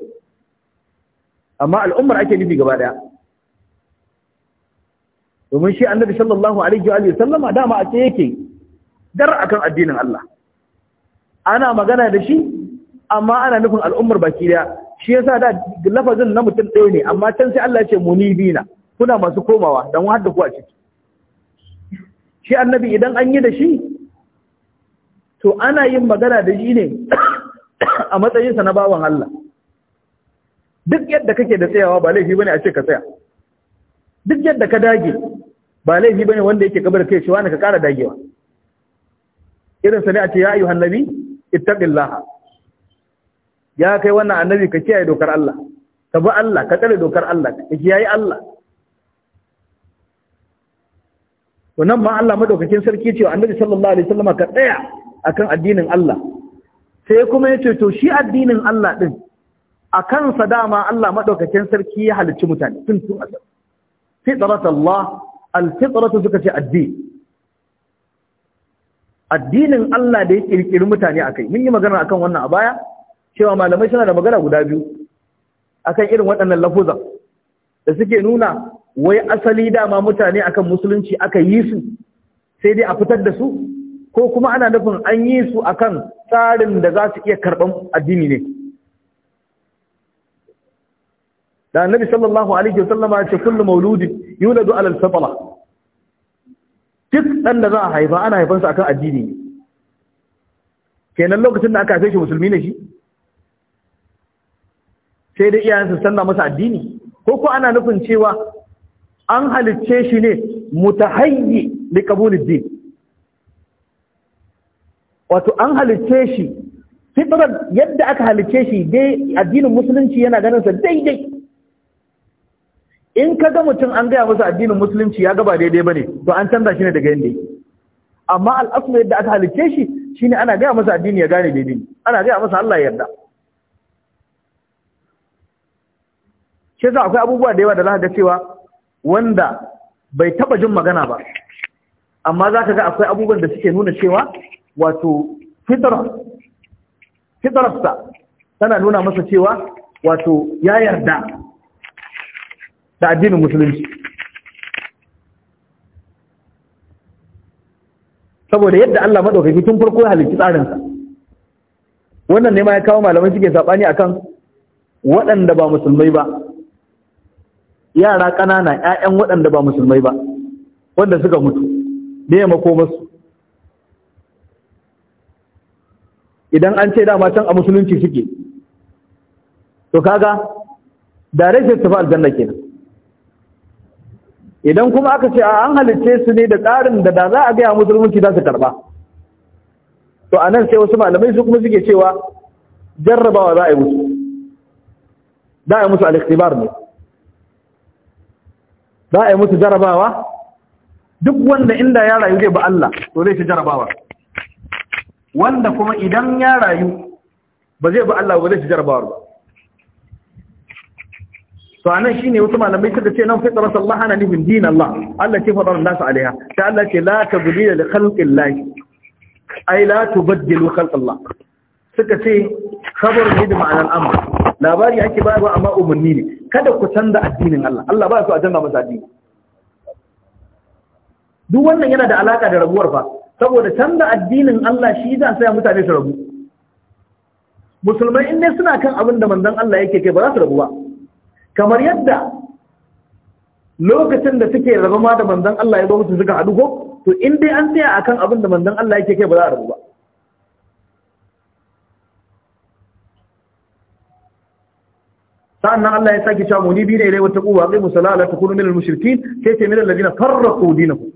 amma al'ummar ake nufi gaba daya domin shi annabi sallallahu alaihi wa sallama dama a ce yake dar akan addinin Allah ana magana da shi amma ana nufin al'ummar baki daya shi yasa da lafazin na mutum ɗaya ne amma can sai Allah ya ce na, kuna masu komawa dan har da ku a ciki shi annabi idan an yi da shi to ana yin magana da shi ne a matsayinsa na bawan Allah duk yadda kake da tsayawa ba laifi bane a ce ka tsaya duk yadda ka dage ba laifi bane wanda yake kabar kai shi wani ka kara dagewa irin sa ne a ce ya ayyuhan nabi ittaqillaha ya kai wannan annabi ka kiyaye dokar Allah ka bi Allah ka tsare dokar Allah ka kiyaye Allah to nan ma Allah madaukakin sarki cewa annabi sallallahu alaihi wasallam ka tsaya akan addinin Allah sai kuma ya ce to shi addinin Allah din a kansa dama Allah madaukakin sarki ya halicci mutane tun tun Fi fitrat Allah al-fitratu suka ce addini addinin Allah da ya kirkiri mutane akai mun yi magana akan wannan a baya cewa malamai suna da magana guda biyu akan irin waɗannan lafuzan da suke nuna wai asali dama mutane akan musulunci aka yi su sai dai a fitar da su ko kuma ana nufin an yi su akan tsarin da za su iya karɓan addini ne da annabi sallallahu alaihi wasallama ya ce kullu mauludin yuladu alal fatala duk ɗan da za a haifa ana haifansa akan addini ne kenan lokacin da aka haife shi musulmi ne shi sai dai iyayensa sanna masa addini ko ko ana nufin cewa an halicce shi ne mutahayyi li qabulid din wato an halicce shi fitrar yadda aka halicce shi dai addinin musulunci yana ganin sa daidai in ka ga mutum an gaya masa addinin musulunci ya gaba daidai bane to an canza shi ne daga yanda amma al'aslu yadda aka halicce shi shine ana gaya masa addini ya gane daidai ana gaya masa Allah ya yarda shi za akwai abubuwa da yawa da za cewa wanda bai taba jin magana ba amma za ka ga akwai abubuwan da suke nuna cewa wato fitararsa tana nuna masa cewa wato ya yarda da addinin musulunci saboda yadda Allah maɗaukaki tun farko ya tsarin tsarinsa wannan ne ma ya kawo malamai suke saɓani akan waɗanda ba musulmai ba yara ƙanana ƴaƴan waɗanda ba musulmai ba wanda suka mutu me ya mako masu. idan an ce dama can a musulunci suke to kaga da rashin tafi aljanna kenan idan kuma aka ce an halicce su ne da tsarin da da za a gaya musulunci za su karba to a nan sai wasu malamai su kuma suke cewa jarrabawa za a yi musu za a yi musu al ne za a yi musu jarabawa duk wanda inda ya rayu zai ba Allah to zai ci jarabawa wanda kuma idan ya rayu ba zai ba Allah ba zai ci jarabawar ba to anan shine wasu malamai suka ce nan fitra sallaha na nufin din Allah Allah ce fadar nasu alaiha ta Allah ce la tabdila li khalqillah ai la tubaddilu khalqillah suka ce Kabar ne da ma'anar amma labari ake bayarwa amma umarni ne kada ku canza addinin Allah Allah ba su a canza masa addini duk wannan yana da alaka da rabuwar fa saboda canza addinin Allah shi zai sa mutane su rabu musulmai in dai suna kan abin da manzon Allah yake kai ba za su rabu ba kamar yadda lokacin da suke rabama ma da manzon Allah ya zo mutu suka haɗu ko to in dai an tsaya akan abin da manzon Allah yake kai ba za a rabu ba sa'annan Allah ya sake cewa muni bi da ilai wata kuwa zai musala ala takunu minal mushrikin sai ce minal ladina farraqu dinakum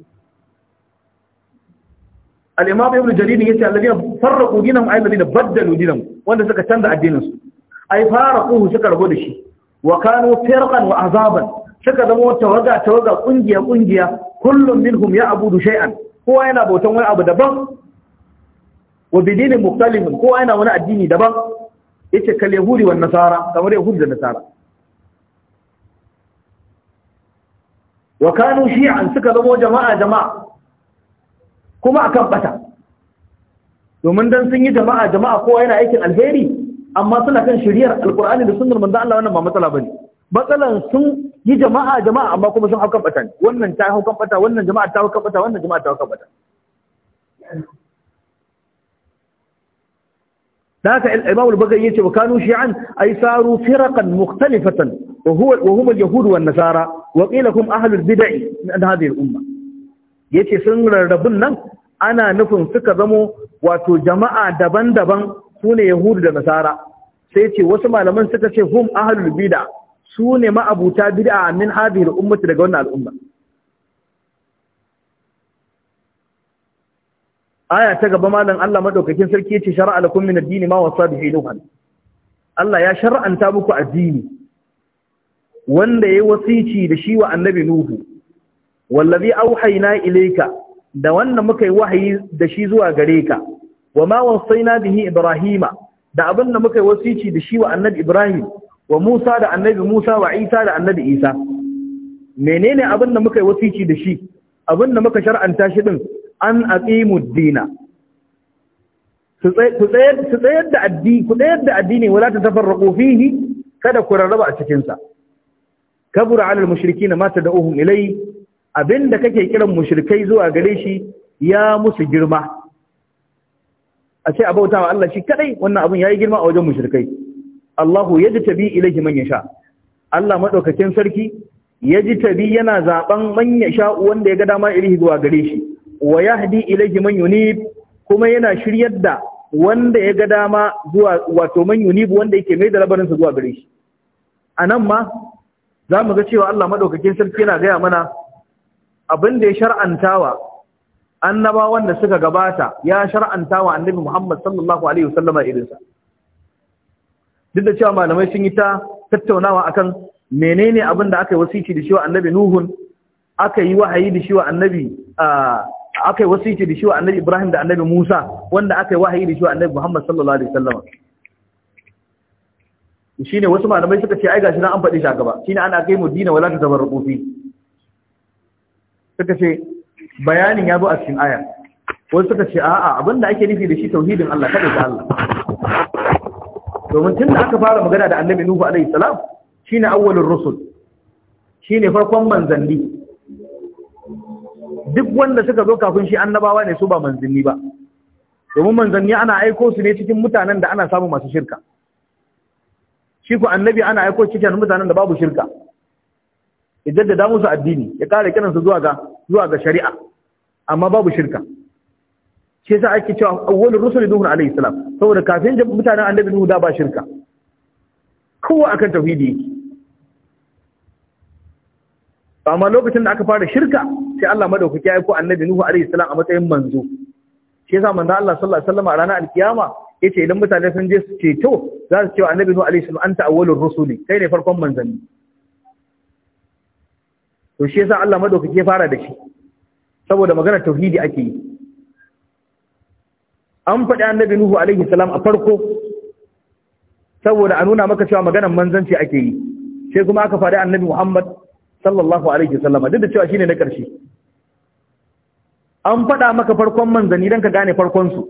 al-imam ibn jarir ne yace alladina farraqu dinahum ay alladina baddalu dinahum wanda suka canza addinin su ay faraquhu suka rabu da shi wa kanu firqan wa azaban suka zama tawaga tawaga kungiya kungiya kullum minhum ya'budu shay'an kowa yana bautan wani abu daban wa bidinin mukhtalifin kowa yana wani addini daban yake kal yahudi wa nasara kamar yahudi da nasara wa kanu shi'an suka zama jama'a jama'a kuma akan bata domin dan sun yi jama'a jama'a kowa yana aikin alheri amma suna kan shiriyar alqur'ani da sunnar manzo Allah wannan ba matsala bane matsalan sun yi jama'a jama'a amma kuma sun haukan bata wannan ta haukan bata wannan jama'a ta haukan bata wannan jama'a ta haukan bata haka imam al-bagai yace wa kanu shi'an ay saru firaqan mukhtalifatan wa huwa wa hum al wa nasara wa qila hum ahlu al umma yace sun rarrabun nan ana nufin suka zamo wato jama'a daban-daban sune yahudu da nasara sai ce wasu malaman suka ce hum ahlul bid'a sune ma'abuta bid'a min hadhihi al-ummati daga wannan al'umma aya ta gaba malam Allah madaukakin sarki yace shar'a lakum min ad-din ma wasa bihi nuhan Allah ya shar'anta muku addini wanda yayi wasici da shi wa annabi nuhu wallazi auhayna ilayka da wannan muka yi wahayi da shi zuwa gare ka wa ma wasaina bihi ibrahima da abin da muka yi wasici da shi wa annabi ibrahim wa musa da annabi musa wa isa da annabi isa menene abin da muka yi wasici da shi abin da muka shar'anta shi din an aqimu dina su tsayar da addini ku tsayar da addini wala tatafarraqu fihi kada ku rarraba a cikin sa kabura alal mushrikin ma tad'uhum ilay abinda kake kiran mushrikai zuwa gare shi ya musu girma a ce abautawa Allah shi kadai wannan abun yayi girma a wajen mushrikai Allahu yajtabi ilayhi man yasha Allah madaukakin sarki yajtabi yana zaben man yasha wanda ya ga dama iri zuwa gare shi wa yahdi ilayhi man yunib kuma yana shiryar da wanda ya ga dama zuwa wato man yunib wanda yake mai da labarin sa zuwa gare shi anan ma za mu ga cewa Allah madaukakin sarki yana gaya mana abin da ya shar'antawa annabawan da suka gabata ya shar'antawa annabi Muhammad sallallahu alaihi wasallama sa duk da cewa malamai sun yi ta tattaunawa akan menene abin da aka yi wasici da shi wa annabi Nuhun aka yi wahayi da shi wa annabi ah, aka yi wasiki da shi wa annabi Ibrahim da annabi Musa wanda aka yi wahayi da shi wa annabi Muhammad sallallahu alaihi wasallam shine wasu malamai suka ce ai gashi nan an faɗi shi a gaba shine ana kai mu dina wala ta tabarruqu fi suka ce bayanin ya zo a cikin aya wasu suka ce a'a abinda ake nufi da shi tauhidin Allah kada ta Allah domin tunda aka fara magana da annabi Nuhu alaihi salam shine awwalur rusul shine farkon manzanni duk wanda suka zo kafin shi annabawa ne su ba manzanni ba domin manzanni ana aiko su ne cikin mutanen da ana samu masu shirka shi ku annabi ana aiko cikin mutanen da babu shirka ya jaddada musu addini ya kare kiransu zuwa ga zuwa ga shari'a amma babu shirka shi yasa ake cewa awwalur rusul nuhu alayhi salam saboda kafin mutanen annabi nuhu da ba shirka kowa akan tauhidi yake amma lokacin da aka fara shirka sai Allah madaukaki ya aiko annabi Nuhu alaihi salam a matsayin manzo shi yasa manzo Allah sallallahu alaihi wasallam a ranar alkiyama yace idan mutane sun je su ceto za su cewa annabi Nuhu alaihi salam anta awwalur rusuli kai ne farkon manzanni to shi yasa Allah madaukaki ya fara da shi saboda magana tauhidi ake yi an faɗi annabi Nuhu alaihi salam a farko saboda a nuna maka cewa maganar manzanci ake yi sai kuma aka faɗi annabi Muhammad sallallahu alaihi wasallama duk da cewa shine na ƙarshe an faɗa maka farkon manzanni don ka gane farkonsu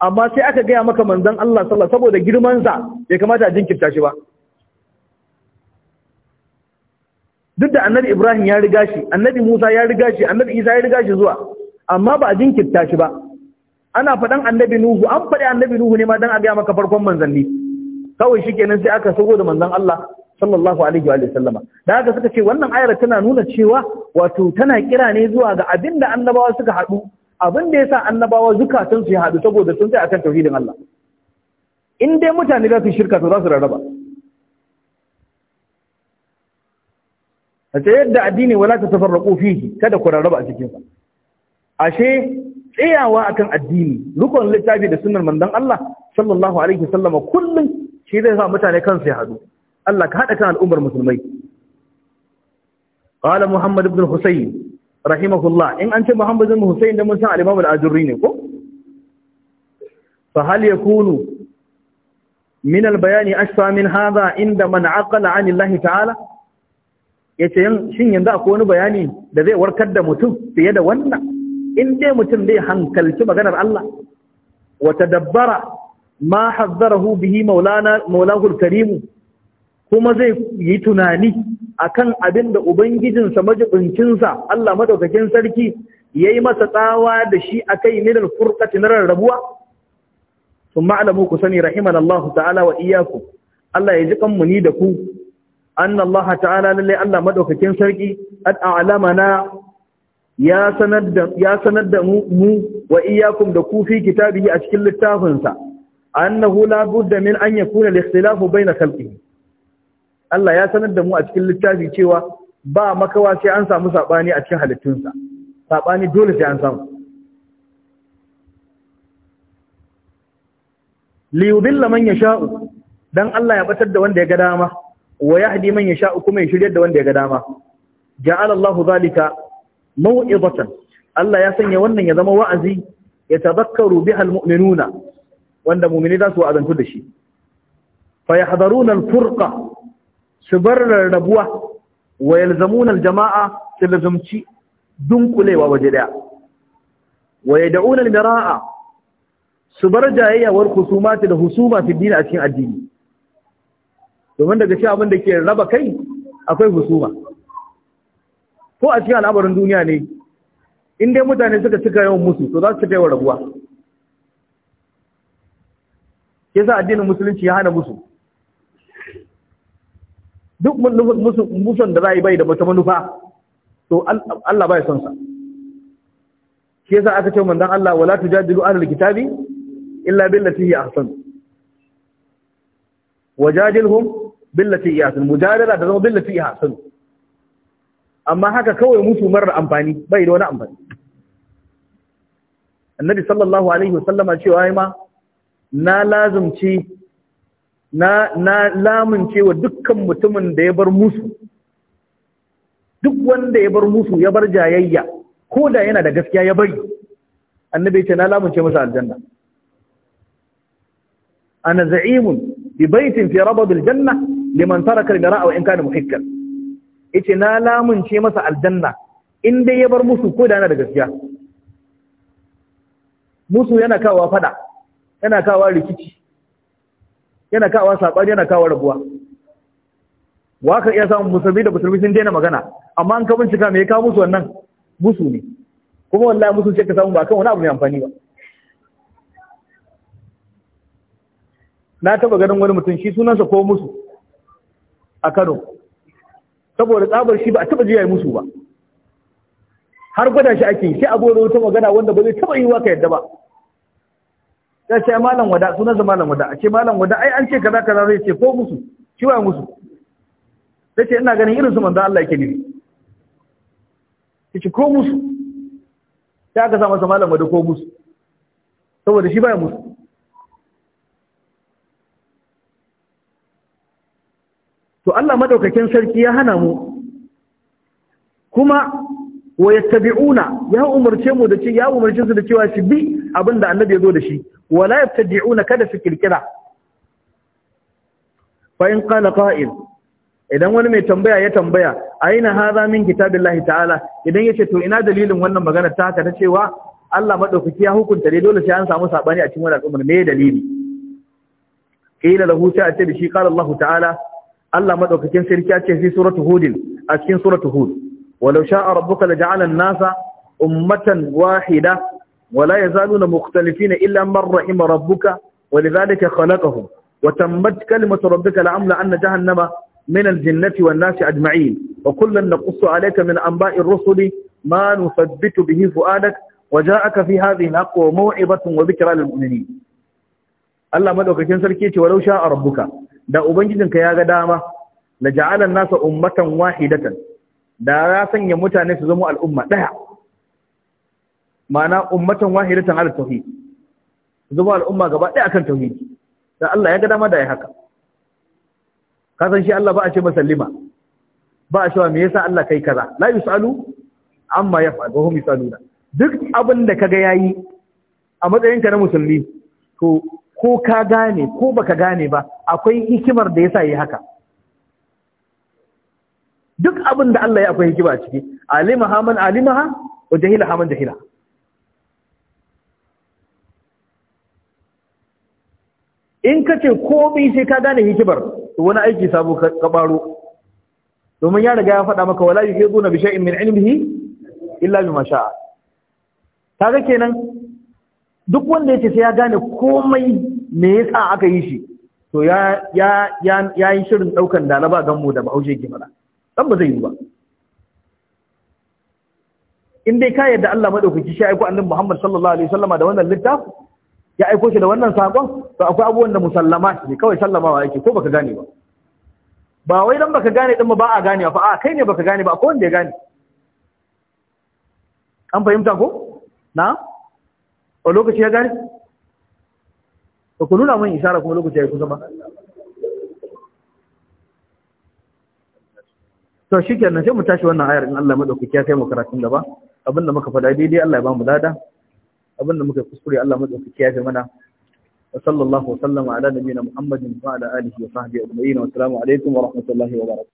amma sai aka gaya maka manzan Allah sallah saboda girmansa ya kamata a jinkirta shi ba duk da annabi Ibrahim ya riga shi annabi Musa ya riga shi annabi Isa ya riga shi zuwa amma ba a jinkirta shi ba ana faɗan annabi Nuhu an faɗi annabi Nuhu ne ma don a gaya maka farkon manzanni kawai shi kenan sai aka saboda manzan Allah sallallahu alaihi wa sallama da haka suka ce wannan ayar tana nuna cewa wato tana kira ne zuwa ga abinda annabawa suka haɗu abin da yasa annabawa zukatan su ya haɗu saboda sun tsaya akan tauhidin Allah in dai mutane za su shirka to za su rarraba ta yadda addini wala ta tafarraqu fihi kada ku rarraba a cikinsa. ashe tsayawa akan addini rukun littafi da sunnar manzon Allah sallallahu alaihi wa wasallama kullum shi zai sa mutane kansu ya haɗu Allah ka haɗa kan al'ummar musulmai qala muhammad ibn husayn rahimahullah in an ce muhammad ibn husayn da mun san al-imam ne ko fa hal ya min al-bayani ashfa min haza inda man aqala an Allah ta'ala yace shin yanzu akwai wani bayani da zai warkar da mutum fiye da wannan in dai mutum zai hankalci maganar Allah Wata dabbara ma hazzarahu bihi maulana maulahu kuma zai yi tunani a kan abin da ubangijinsa majibincinsa Allah madaukakin sarki ya yi masa tsawa da shi a kai nilar furkati na rarrabuwa sun ma'alamu ku sani rahiman Allah ta'ala wa iyaku Allah ya ji kanmu ni da ku an Allah ta'ala lalle Allah madaukakin sarki an alama na ya sanar da mu wa iyakun da ku fi kitabihi a cikin littafinsa. annahu la budda min an yakuna al-ikhtilafu bayna khalqihi Allah ya sanar da mu a cikin littafi cewa ba makawa sai an samu saɓani a cikin halittunsa saɓani dole sai an samu liyudilla man yasha'u dan Allah ya batar da wanda ya ga dama wa yahdi man yasha'u kuma ya shiryar da wanda ya ga dama ja'ala Allahu zalika maw'izatan Allah ya sanya wannan ya zama wa'azi ya tadhakkaru biha almu'minuna wanda mu'mini za su wa'azantu da shi fa yahdharuna alfurqa su bar rarrabuwa wa yalzamun aljama'a su lazumci dunkulewa waje daya wa da'unan almira'a su bar jayayyawar husuma da husuma fi dina a cikin addini domin daga shi abinda ke raba kai akwai husuma ko a cikin al'amarin duniya ne in dai mutane suka cika yawan musu to za su cika yawan rabuwa yasa addinin musulunci ya hana musu duk musun da za a yi bai da wata manufa to Allah bai son sa shi yasa aka ce manzon Allah wala tujadilu ahlul kitabi illa billati hi ahsan wajadilhum billati hi ahsan mujadala da zama billati hi ahsan amma haka kawai musu marar amfani bai da wani amfani annabi sallallahu alaihi wasallama cewa ai ma na lazumci na na lamunce dukkan mutumin da ya bar musu duk wanda ya bar musu ya bar jayayya ko da yana da gaskiya ya bari annabi ce na lamunce masa aljanna ana za'imun bi baitin fi rabad aljanna liman taraka al-mira'a wa in kana muhikkan yace na lamunce masa aljanna inda ya bar musu ko da yana da gaskiya musu yana kawa fada yana kawa rikici yana kawo sabani yana kawo rabuwa wa ka iya samun musulmi da musulmi sun daina magana amma an ka bincika mai ya kawo musu wannan musu ne kuma wallahi musu ce ka samu ba kan wani abu mai amfani ba na taba ganin wani mutum shi sunansa ko musu a Kano saboda tsabar shi ba a taba jiya musu ba har gwada shi ake sai abu wata magana wanda ba zai taba yi wa ka yadda ba ya ce malam wada sunan sa malam wada a ce malam wada ai an ce kaza kaza zai ce ko musu shi musu sai ce ina ganin irin su manzo Allah yake nufi ce ko musu sai aka sa malam wada ko musu saboda shi baya musu to Allah madaukakin sarki ya hana mu kuma wa yattabi'una ya umarce mu da ce ya umarce su da cewa shi bi abinda annabi ya zo da shi wala yabtadi'una kada su kirkira fa in qala idan wani mai tambaya ya tambaya aina hadha min kitabillahi ta'ala idan yace to ina dalilin wannan magana ta haka ta cewa Allah madaukaki ya hukunta dai dole sai an samu sabani a cikin wannan al'umma me dalili kila lahu sai a ce shi qala Allah ta'ala Allah madaukakin sarki ya ce fi suratu hud a cikin suratu hud walau sha'a rabbuka laja'ala nasa ummatan wahida ولا يزالون مختلفين إلا من رحم ربك ولذلك خلقهم وتمت كلمة ربك لعمل أن جهنم من الجنة والناس أجمعين وكلا نقص عليك من أنباء الرسل ما نثبت به فؤادك وجاءك في هذه الحق وموعظة وذكرى للمؤمنين Allah madaukakin sarki ce walau sha rabbuka da ubangijinka ya ga dama la ja'ala an-nasa ummatan wahidatan da ya sanya mutane su zama al'umma daya ma'ana ummatan wahidatan ala tauhid zuba al'umma gaba ɗaya akan tauhid da Allah ya ga dama da ya haka ka san shi Allah ba a ce masallima ba a cewa me yasa Allah kai kaza la yusalu amma yaf'al wa hum yusaluna duk abin da kaga yayi a matsayinka na musulmi to ko ka gane ko baka gane ba akwai hikimar da yasa yi haka duk abin da Allah ya akwai hikima a ciki alimaha man alimaha wa jahilaha man jahilaha in ka ce komai sai ka gane hikimar wani aiki sabo ka baro domin ya riga ya faɗa maka wala yuhiduna bi shay'in min ilmihi illa bi ma sha'a kaga kenan duk wanda ce sai ya gane komai me yasa aka yi shi to ya ya ya yi shirin daukan dalaba gan mu da bahaushe ke fada dan ba zai yi ba in dai ka yadda Allah madaukaki shi ku annabi Muhammad sallallahu alaihi wasallama da wannan littafi ya aiko shi da wannan sakon to akwai abubuwan da musallama ne kawai sallamawa yake ko baka gane ba ba wai dan baka gane din ba a gane ba a kai ne baka gane ba ko wanda ya gane an fahimta ko na a lokaci ya gane ba ku nuna mun isara kuma lokaci ya kusa ba to shi kenan sai mu tashi wannan ayar in Allah madauki ya kai mu karatun gaba abinda muka faɗa daidai Allah ya ba mu lada abin da muka kuskure Allah madaukaki ya fi mana wa sallallahu wa sallama ala nabiyina Muhammadin wa ala alihi wa sahbihi ajma'in wa assalamu alaikum wa rahmatullahi wa barakatuh